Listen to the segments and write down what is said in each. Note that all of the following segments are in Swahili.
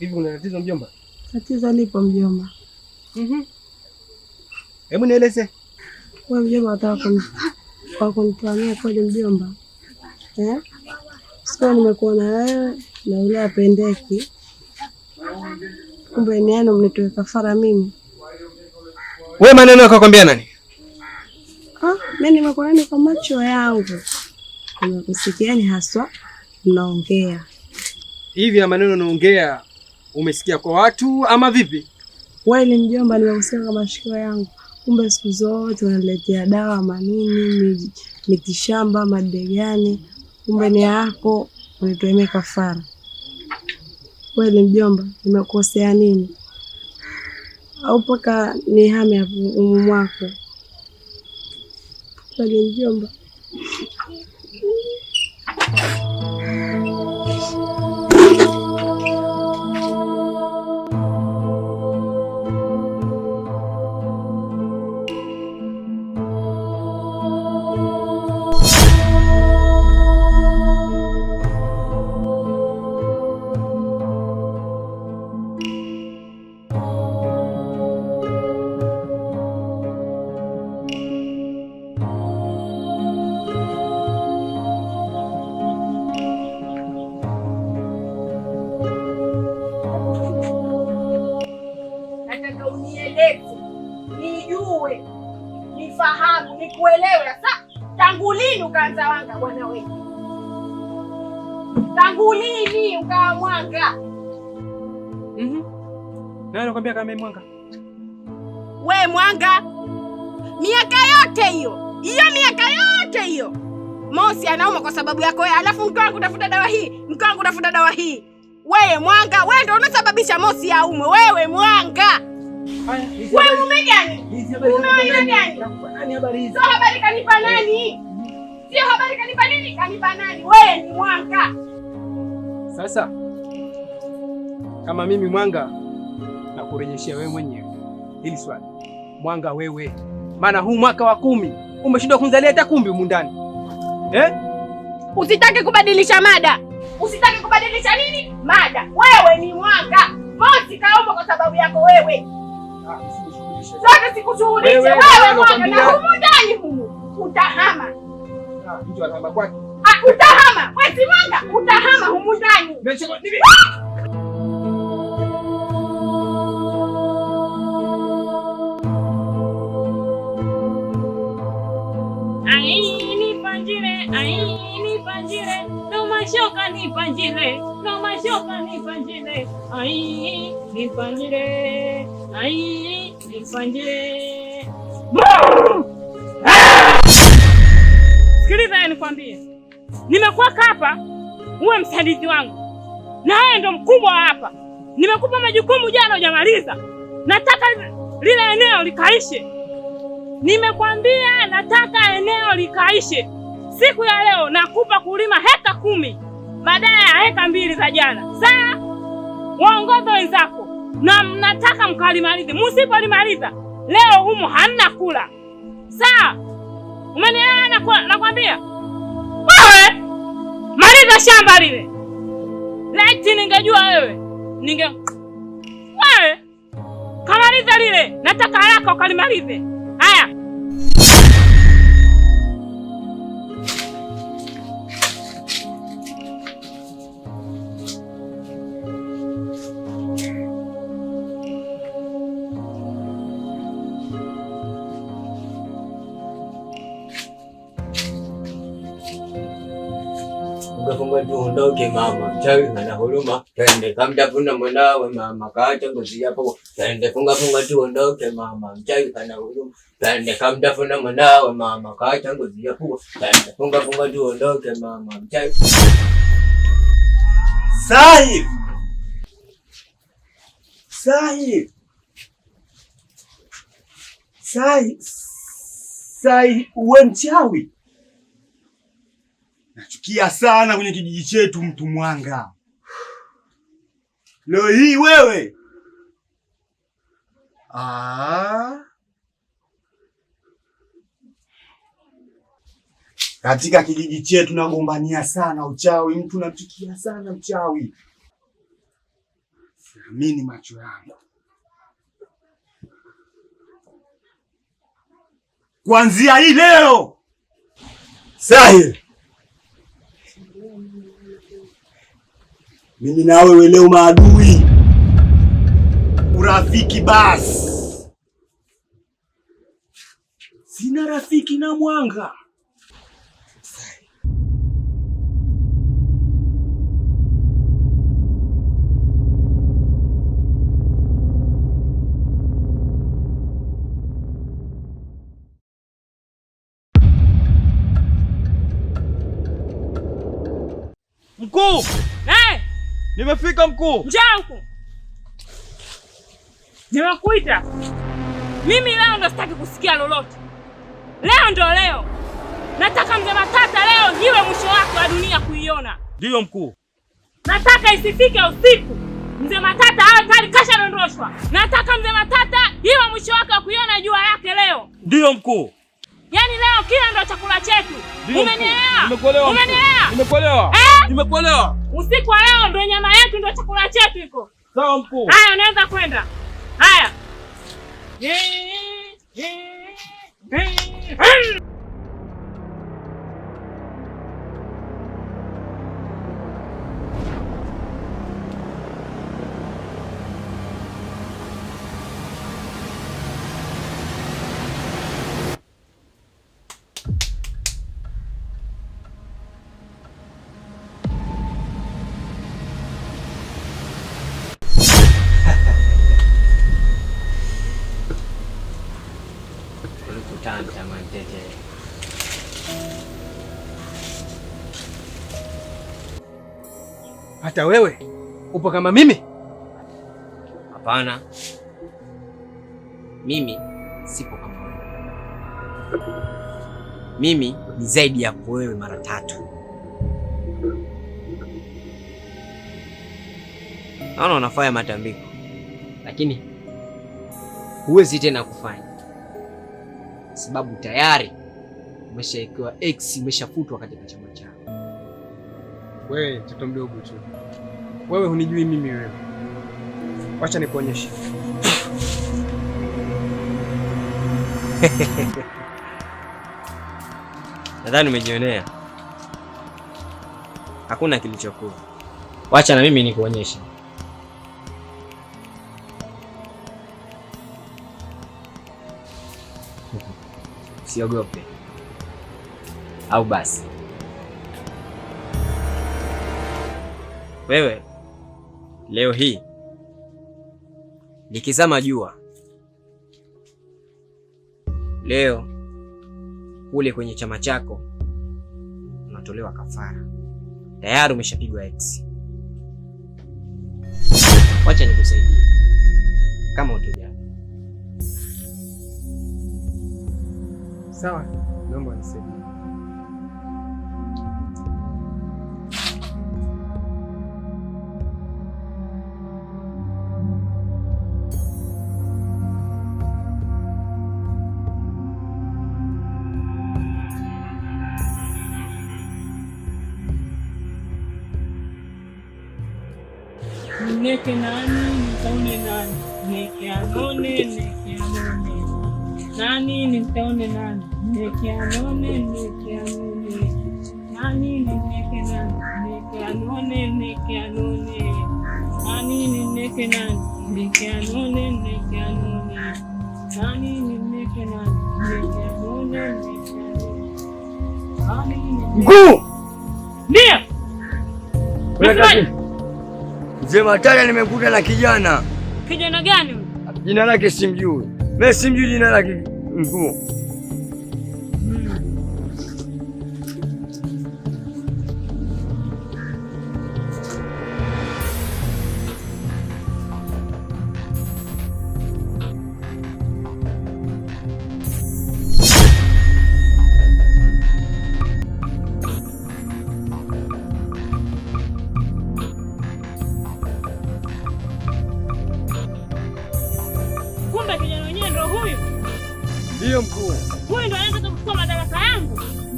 Hivi kuna tatizo mjomba? Tatizo lipo mjomba. Mhm. Hebu nieleze. Wewe mjomba unataka kwa kunitania kweli mjomba? Eh? Sikuwa nimekuona wewe na yule apendeki. Kumbe ni yani mnitoe kafara mimi. Wewe maneno yako kwambia nani? Ah, mimi nimekuona kwa macho yangu. ni haswa mnaongea. Hivi ya maneno naongea Umesikia kwa watu ama vipi? Kweli mjomba mjomba, nimehusika mashikio yangu. Kumbe siku zote unaletea dawa manini, mitishamba, madegani, kumbe ni hapo unitoemea kafara. Kweli mjomba, nimekosea nini? Au mpaka ni hame umu mwako? Kweli mjomba nifahamu nikuelewe. Sasa tangu lini ukaanza wanga bwana wewe? Tangu lini ukawa mwanga? Mhm. Na nakwambia kama mimi mwanga. We mwanga miaka yote hiyo hiyo, miaka yote hiyo, Mosi anauma kwa sababu yako wewe, alafu mke wangu tafuta dawa hii, mke wangu tafuta dawa hii. Wewe mwanga, wewe ndio unasababisha Mosi aume. Wewe mwanga wewe mume gani? Mume wa aina gani? Sio habari kanipa nani? Eh. Sio habari kanipa nini? Kanipa nani? Wewe ni mwanga. Sasa kama mimi mwanga na wewe mwenyewe hili swali. Mwanga wewe, maana huu mwaka wa kumi umeshindwa kunzalia hata kumbi humu ndani eh? Usitake kubadilisha mada, usitake kubadilisha nini mada. Wewe ni mwanga. moti kaomba kwa sababu yako wewe zote sikushughulisha humu ndani humu, utahama ah, ah, utahama, wesimanga utahama humu ndani. Aini panjire, aini panjire Mashoka nipanjile, no mashoka Ai, Ai, Sikiliza nikwambie. Nimekuweka hapa uwe msaidizi wangu. Na haya ndo mkubwa hapa. Nimekupa majukumu jana hujamaliza. Nataka lile eneo likaishe. Nimekwambia nataka eneo likaishe. Siku ya leo nakupa kulima heka kumi badala ya heka mbili za jana. Saa waongoza wenzako, na mnataka mkalimalize. Msipolimaliza leo humo hamna kula. Saa umenielewa? Nakwambia wewe, maliza shamba lile. Laiti ningejua wewe ninge wewe kamaliza lile, nataka haraka ukalimalize. matawi mana huruma twende kamda mwanawe mama kata ngozi yapo twende funga funga tuondoke mama mchawi kana huruma twende kamda mwanawe mama kata ngozi yapo twende funga funga tuondoke mama mchawi Sahib Sahib Sahib Sahib uwe mchawi Nachukia sana kwenye kijiji chetu mtu mwanga. Leo hii wewe ah, katika kijiji chetu nagombania sana uchawi, mtu namchukia sana uchawi. Siamini macho yangu. Kuanzia hii leo Sahil Mimi na wewe leo maadui, urafiki basi. Sina rafiki na Mwanga. Mkuu! Nimefika mkuu. Njoo huku. Nimekuita. Mimi leo ndo sitaki kusikia lolote. Leo ndo leo. Nataka Mzee Matata leo iwe mwisho wake wa dunia kuiona. Ndiyo mkuu. Nataka isifike usiku Mzee Matata awe tayari kasha dondoshwa. Nataka Mzee Matata iwe mwisho wake wa kuiona jua yake leo. Ndiyo mkuu. Yaani leo kila ndo chakula chetu. Umenielewa? Umenielewa? Nimekuelewa. Eh? Nimekuelewa. Usiku wa leo ndo nyama yetu ndo chakula chetu iko. Sawa mkuu. Haya unaweza kwenda. Haya. Hata wewe upo kama mimi? Hapana, mimi sipo kama wewe. Mimi ni zaidi yako wewe mara tatu. Naona unafanya matambiko, lakini huwezi tena kufanya sababu tayari umeshaikiwa x, umeshafutwa katika chama chako. Wewe mtoto mdogo tu, wewe hunijui mimi. Wewe wacha nikuonyeshe. Nadhani umejionea hakuna kilichokuwa. Wacha na mimi nikuonyeshe. Usiogope, au basi Wewe leo hii likizama jua, leo kule kwenye chama chako unatolewa kafara, tayari umeshapigwa x. Wacha nikusaidie kama utojana. Sawa, naomba nisaidie. niweke nani nitaone nani, niwekeanone niwekeanone, nani nitaone nani, niwekeanone niwekeanone, nani nimweke nani, niwekeanone niwekeanone, nani nimweke nani, niwekeanone niwekeanone, nani nimweke nani, niwekeanone niwekeanone, nani nimweke nani, ndio Mzee Mataya nimekuta na kijana. Kijana gani? Jina lake simjui. Mimi simjui jina lake mkuu.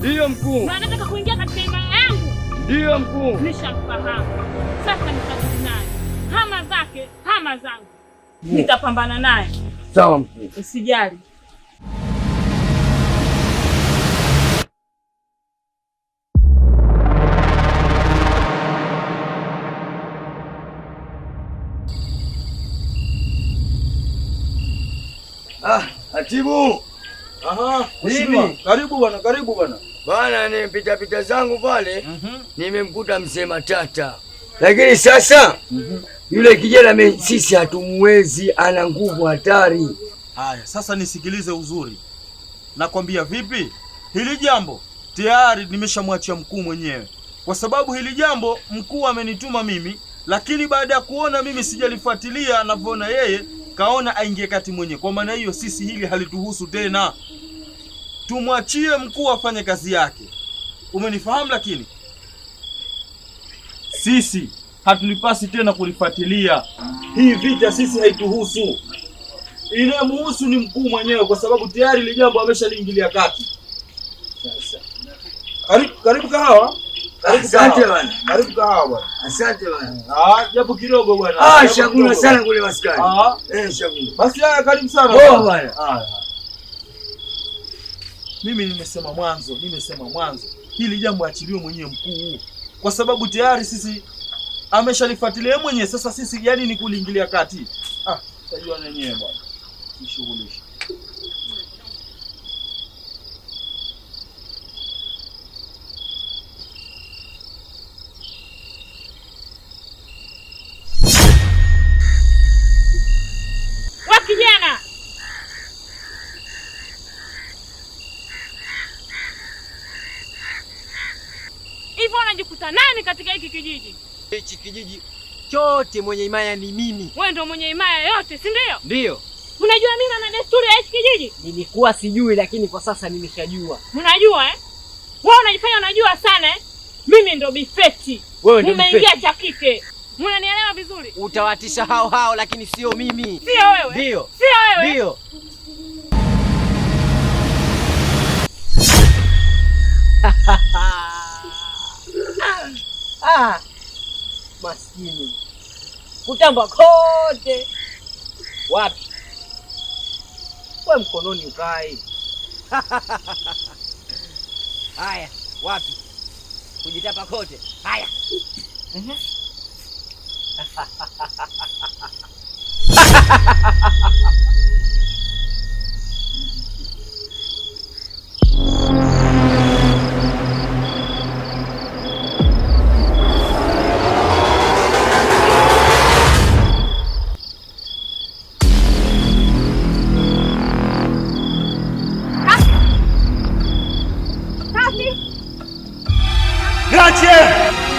Ndiyo mkuu. Na anataka kuingia katika imani yangu. Ndiyo mkuu. Nishamfahamu. Sasa nitazidi naye. Hama zake, hama zangu. Nitapambana naye. Sawa mkuu. Usijali. Ah, atibu. Aha, karibu bwana, karibu bwana. Bwana, ni pita pita zangu pale mm -hmm. Nimemkuta mzee Matata, lakini sasa mm -hmm. Yule kijana sisi hatumwezi, ana nguvu hatari. Haya, sasa nisikilize uzuri, nakwambia vipi, hili jambo tayari nimeshamwachia mkuu mwenyewe, kwa sababu hili jambo mkuu amenituma mimi, lakini baada ya kuona mimi sijalifuatilia, anavyoona yeye kaona aingie kati mwenyewe. Kwa maana hiyo sisi hili halituhusu tena, tumwachie mkuu afanye kazi yake. Umenifahamu? Lakini sisi hatulipasi tena kulifuatilia hii vita, sisi haituhusu. Inayemuhusu ni mkuu mwenyewe, kwa sababu tayari ile jambo ameshaliingilia kati. karibu, karibu kahawa. Asante bwana. Karibu bwana. Asante bwana. Ah, japo kidogo bwana. Ah, sana kule maskani. Ah, eh Basi haya karibu sana. Oh bwana. Mimi nimesema mwanzo, nimesema mwanzo. Hili jambo achiliwe mwenyewe mkuu. Kwa sababu tayari sisi ameshalifuatilia mwenyewe, sasa sisi yani ni kuliingilia kati. Ah, tajua nenyewe bwana. Nishughulishe. nani katika hiki kijiji? Hichi kijiji chote mwenye imaya ni mimi. Wewe ndio mwenye imaya yote, si ndio? Ndio. Unajua mimi na desturi ya hiki kijiji? Nilikuwa sijui, lakini kwa sasa nimeshajua. Unajua eh? Wewe unajifanya unajua sana eh? Mimi ndio bifeti. Wewe ndio bifeti. Umeingia cha kike. Unanielewa vizuri? Utawatisha hao hao, lakini sio mimi. Sio wewe. Ndio. Sio wewe. Ndio. Ah, maskini kutamba kote wapi, we mkononi ukai haya wapi, kujitapa kote haya mhm. Gracie!